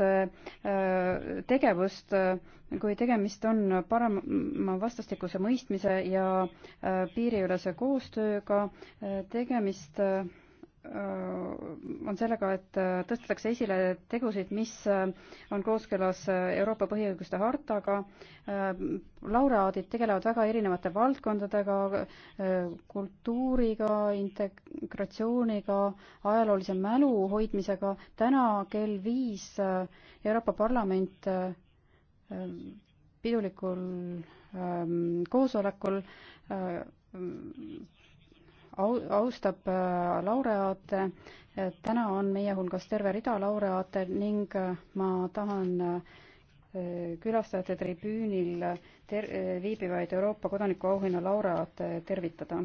Äh, tegevust, äh, kui tegemist on parema vastastikuse mõistmise ja äh, piiriülese koostööga, tegemist on sellega, et äh, tõstetakse esile tegusid, mis äh, on kooskõlas äh, Euroopa põhiõiguste hartaga. laureaadid tegelevad väga erinevate valdkondadega, kultuuriga, integratsiooniga, ajaloolise mälu hoidmisega. täna kell viis Euroopa Parlament pidulikul ähm, koosolekul au-, austab äh, laureaate, äh, täna on meie hulgas terve rida laureaate ning äh, ma tahan külastajate tribüünil ter-, viibivaid Euroopa kodanikuauhinna laureaate tervitada.